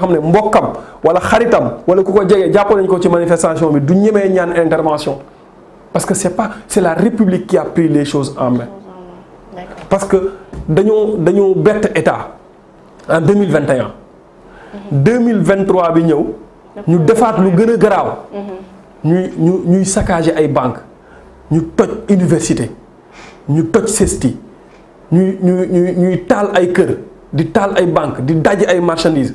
xamné mbokam ne gens wala xaritam wala kuko djégué jege jàpp nañ ko ci manifestation bi du ñëmé ñaan intervention parce que c'est pas c'est la république qui a pris les choses en main parce que nous avons un état en 2021 2023 bi ñëw ñu defaat lu gëna graw ñu ñu ñuy saccager ay banque ñu toj université ñu toj CESTI ñuy ñuy ñuy tal ay kër di ay banque di ay marchandises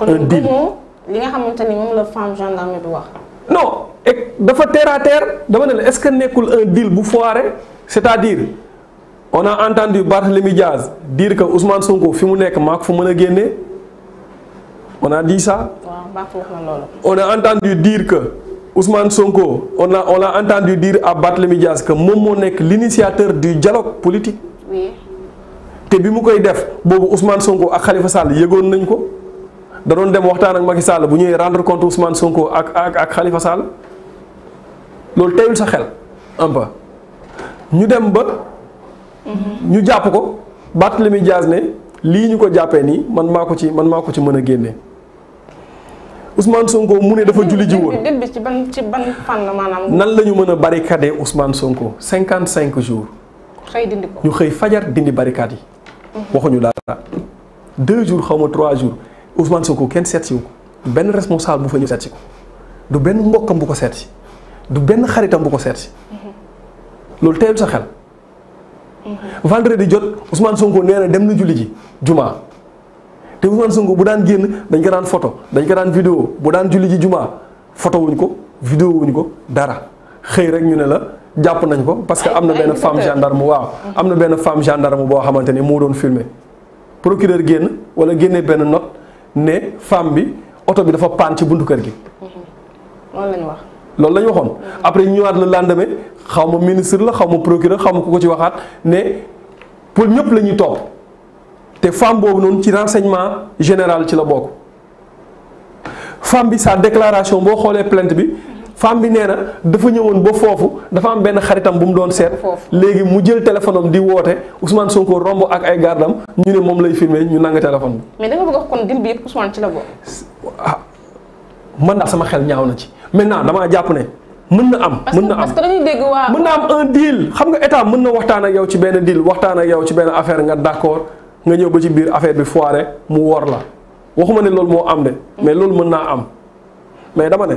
un deal kon li nga a pas de la femme gendarme wax. non dafa terre à terre dama ne est-ce que nekkul un deal bu foiré c'est-à-dire on a entendu Barthélémy Diaz dire que Ousmane Sonko fi mu nekk maa de fa on a dit ça. on a entendu dire que. Ousmane Sonko on a on l'a entendu dire à Barthélémy Diaz que moom moo l'initiateur du dialogue politique. oui. Et bi mu koy def boobu Ousmane Sonko ak Khalifa Sall yëgoon nañ ko. danoon dem waxtaan ak Macky Sall bu ñëwee rendre compte Ousmane Sonko ak ak ak saal loolu teyul sa xel un ñu dem ba. Mhm. ñu jàpp ko Barthélémy Dias ne lii ñu ko jàppee nii man maa ko ci man maa ko ci mën a génne Ousmane Sonko mu ne dafa julli ji woon ci ban ci ban fànn maanaam. nan la ñu mën a barricade Ousmane Sonko cinquante cinq jours. xëy dindi ñu xëy fajar dindi barikat yi. Mhm. waxuñu dara deux jour xaw ma trois jours. Ousmane Sonko kenn setti siwu Ben benn responsable bu fa ñu setti si ko du ben mbokam bu ko setti si du ben xaritam bu ko setti si teyul sa xel vendredi jot Ousmane Sonko neena dem na julli ji juma te Ousmane Sonko bu daan genn dañ ko daan photo dañ ko daan vidéo bu daan julli ji juma photo wuñ ko vidéo wuñ ko dara xey rek ñu ne la japp nañ ko parce que amna ben femme gendarme waaw amna ben femme gendarme bo xamanteni mo doon filmer procureur genn wala genné ben note ne femme bi oto bi dafa paan ci buntu kër gi. loolu la ñu wax. loolu lañuy waxoon après ñëwaat le lendemain xaw ma ministre la xaw ma procureur xaw ma ku ko ci waxaat ne pour ñëpp la ñuy topp te femme boobu noonu ci renseignement général ci la bokk. femme bi sa déclaration boo xoolee plainte bi femme bi nee na dafa ñëwoon ba foofu dafa am benn xaritam bu mu doon seet. léegi mu jël téléphone di woote Ousmane Sonko romb ak ay gardam ñu ne moom lay filmé ñu nanga téléphone bi. mais da nga bëgg a wax kon dil bi yëpp Ousmane ci la bokk. ah man daal sama xel ñaaw na ci maintenant damaa jàpp ne. mën na am mën na am parce mën na am xam nga état mën na waxtaan ak yow ci benn deal waxtaan ak yow ci benn affaire nga d'accord nga ñëw ba ci biir affaire bi foire mu wor la waxuma ne loolu moo am mais loolu mën naa am mais dama ne.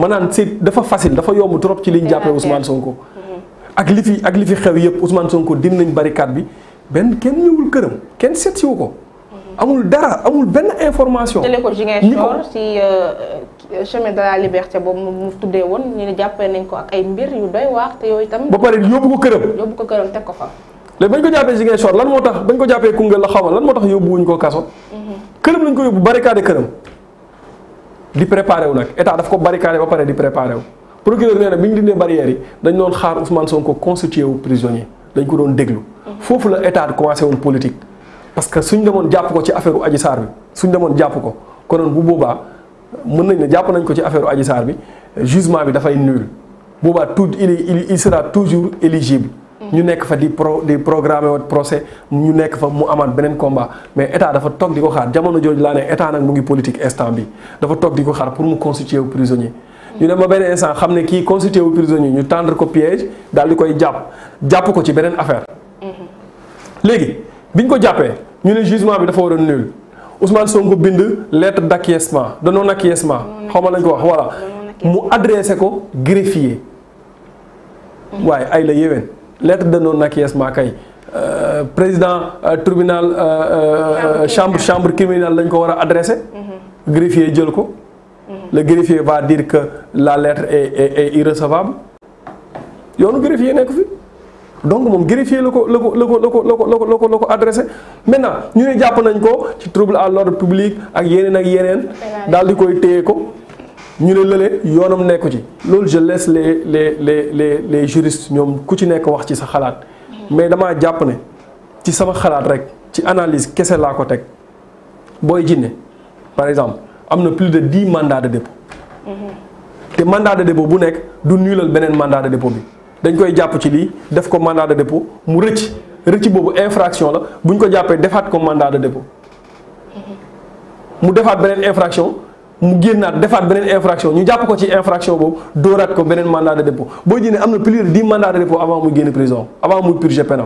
ma naan si dafa facile dafa yomb trop ci liñ jàppee Ousmane Sonko. Mhm. ak li fi ak li fi xew yëpp Ousmane Sonko din nañ barricade bi benn kenn ñëwul këram kenn seet siwu ko. Mhm. amul dara amul benn information. jëlee ko Ziguinchor si euh, euh, chemin de la liberté boobu mu tuddee woon ñu ne jàppee nañ ko ak ay mbir yu doy waax te yooyu tam. ba pare yóbbu ko këram. yóbbu ko këram teg ko fa. léegi ko jàppee Ziguinchor lan moo tax bañ ko jàppee Koungheul la xaw ma lan moo tax yóbbu wu ko kaso. Mhm. këram lañ ko yóbbu barricade këram. di préparé wu nag état daf ko barricadé ba pare di préparé wu procureur nee na bi ñu dindee barrières yi dañ doon xaar Ousmane Sonko constitué wu prisonnier dañ ko doon déglu. foofu la état commencé woon politique. parce que suñ demoon jàpp ko ci affaire u Adji Sarr bi suñ demoon jàpp ko konoon bu boobaa mën nañ ne jàpp nañ ko ci affaire u Adji Sarr bi jugement bi dafay nul boobaa tout il il sera toujours éligible. ñu nekk fa di pro di programme wat procès ñu nekk fa mu amaat beneen combat mais état dafa toog di ko xaar jamono jooju laa ne état nag mu ngi politique instant bi dafa toog di ko xaar pour mu constituer wu prisonnier. ñu ne ma benn instant xam ne kii constitué wu prisonnier ñu tendre ko piège daal di koy jàpp jàpp ko ci beneen affaire. Mm-hmm. léegi biñ ko jàppee ñu ne jugement bi dafa war a nul Ousmane Sonko bind lettre d' acquiescement de non acquiescement xaw ma lañ ko wax voilà mu adressé ko greffier. Mm-hmm. waaye ay la lettre de non acquiescement kay euh, président euh, tribunal euh, chambre chambre criminelle lañ ko war a adressé. Mhm. greffier jël ko. Mhm. le greffier va dire que la lettre est est est yoonu greffier nekk fi donc moom greffier la ko la ko la ko la ko la ko ñu ne jàpp nañ ko ci trouble à l'ordre public ak yeneen ak yeneen. daal di koy téye ko. ñu ne lële yoonam nekku ci loolu je laisse les les les les les juristes ñoom ku ci nekk wax ci sa xalaat mais dama jàpp ne ci sama xalaat rek ci analyse kese laa ko teg Boy Djiné par exemple am na plus de dix mandats de dépôt mm-hmm. te mandat de dépôt bu nekk du nulal beneen mandat de dépôt bi dañ koy jàpp ci lii def ko mandat de dépôt mu rëcc rëcc boobu infraction la buñ ko jàppee defaat ko mandat de dépôt mm-hmm. mu defaat beneen infraction mu defa une infraction ñu avons ko ci infraction ko mandat de dépôt Si Vous am plusieurs plus de mandats de dépôt avant de prison avant de purger peine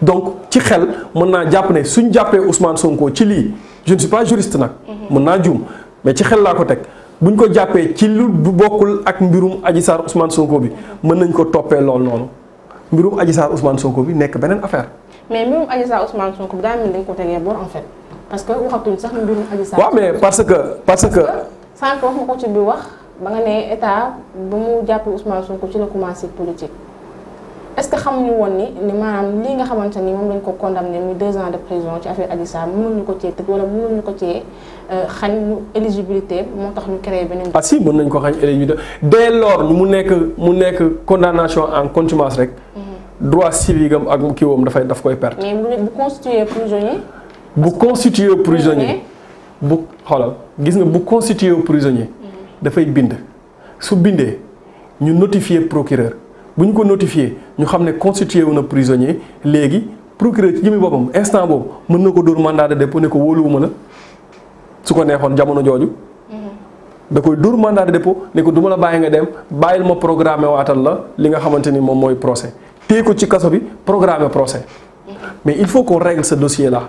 donc ci xel ne Ousmane Sonko Chili, je ne suis pas juriste je suis mais ci xel laa ko teg buñ ko jàppee ci lu Sonko bi nañ ko lool Ousmane Sonko bi affaire. mais Sonko parce que waxatuñ sax mbirum Adji Sarr. waaw mais parce que parce que. sànq wax nga ko ci bi wax ba nga ne état bu mu jàppee Ousmane Sonko ci la commencé politique est-ce que xamuñu woon ni ni maanaam lii nga xamante ni moom lañ ko condamné muy deux ans de prison ci affaire Adji Sarr mënuñu ko cee tëj wala mënuñu ko cee euh, ñu éligibilité moo tax ñu créé beneen. ah si ko xañ éligibilité dès lors mu nekk mu nekk condamnation en contumace rek. Mhm. droit civique am ak kiiwam dafay dafa koy perte. mais bu bu constitué prisonnier bu constitué prisonnier bu xoolal gis nga bu constitué prisonnier mm-hmm. dafay bind su bindee ñu notifié procureur bu nous ko notifié ñu xam constitué un prisonnier légui, procureur ci jëmi boppam instant Nous mën na ko mandat de dépôt ne ko wóoluwuma la su ko neexoon jamono jooju. Mm-hmm. da koy dóor mandat de dépôt ne ko la bàyyi nga dem ma programme waatal la li nga xamante ni moom procès téye ko ci bi programme procès mm-hmm. mais il faut qu'on règle ce dossier là.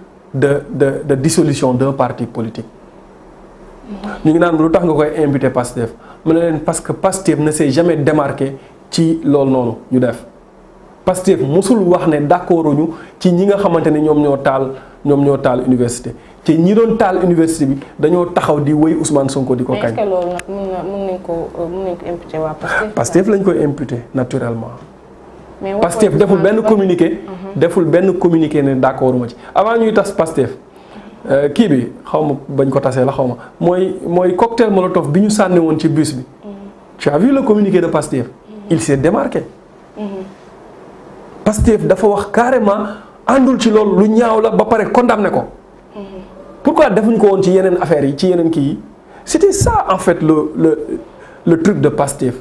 de dissolution d'un parti politique. nous avons invité Pastef parce que Pastef ne s'est jamais démarqué ci Pastef d'accord nous nous université ñi doon université bi dañoo taxaw di Ousmane Sonko est-ce que euh, imputé naturellement. Pastef deful communiqué deful ben communiqué né d'accord ma ci avant ñuy tass Pastef euh, ki bi xawma ma bañ ko tassé la xawma moy moy cocktail molotov bi ñu sànni woon ci bus bi. Mm-hmm. tu as vu le communiqué de Pastef. Mm-hmm. il s'est démarqué. Mm-hmm. Pastef dafa wax carrément andul ci lool lu ñaaw la ba paré condamné ko. pourquoi defuñ ko won ci yenen affaire yi ci yenen ki c'était ça en fait le le le truc de Pastef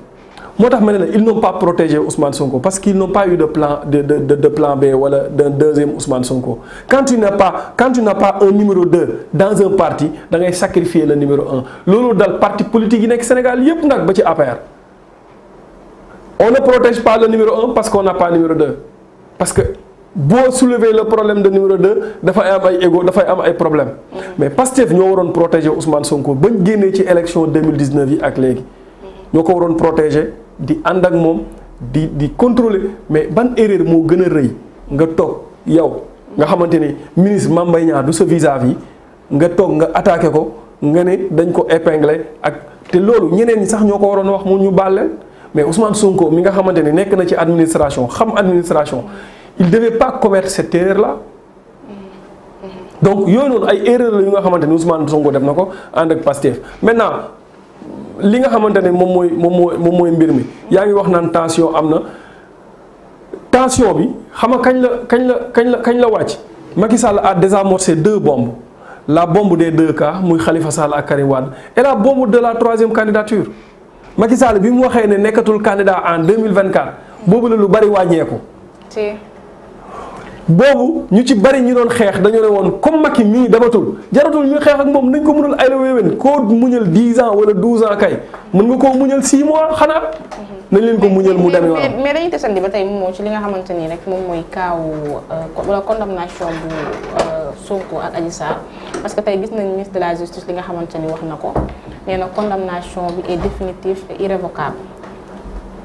ils n'ont pas protégé Ousmane Sonko parce qu'ils n'ont pas eu de plan B ou d'un deuxième Ousmane Sonko quand tu n'as pas un numéro 2 dans un parti tu as sacrifié le numéro 1 Dans le parti politique yi Sénégal on ne protège pas le numéro 1 parce qu'on n'a pas le numéro 2 parce que pour soulever le problème de numéro 2 il y a un problème mais Pastef nous avons protéger Ousmane Sonko bonne génnee ci élection 2019 avec ak Nous avons di ànd ak moom di di contrôler mais ban erreur mo gëna reuy nga tok yow nga xamanteni ministre Mame Mbaye du sa vis-à-vis nga tok nga attaquer ko nga ne dañ ko épingler ak té lolu ñeneen ñi sax ñoko ko wax mo ñu baal mais Ousmane Sonko mi nga xamanteni nek na ci administration xam administration il devait pas commettre cette erreur là. donc yoy non ay erreur la yu nga xamanteni Ousmane Sonko def nako ko ak Pastef maintenant li nga xamantene ne moy mom moy mooy moom mbir mi yaa ngi wax naan tension amna. tension bi xama nga kañ la kañ la kañ la kañ la wàcc Macky Sall a désamorcé deux bombes la bombe des deux cas muy Khalifa Sall ak Karim Wade et la bombe de la troisième candidature Macky Sall bi mu waxee ne nekatul candidat en 2024 bobu la lu bari wàññeeku boobu ñu ci bari ñu doon xeex dañoo ne woon comme Macky mii dematul jaratul ñu xeex ak moom nañ ko mënul ay la wéewén koo muñal 10 ans wala 12 ans kay mën nga koo muñal 6 mois xanaa. Mhm. nañ leen ko muñal mu demee woon mais dañuy desandi ba tey moom ci li nga xamante ni rek moom mooy kaawu euh, wala condamnation bu euh, Sonko ak Adji Sarr parce que tey gis nañ ministre de la justice li nga xamante ni wax na ko nee na condamnation bi est définitive et irrévocable.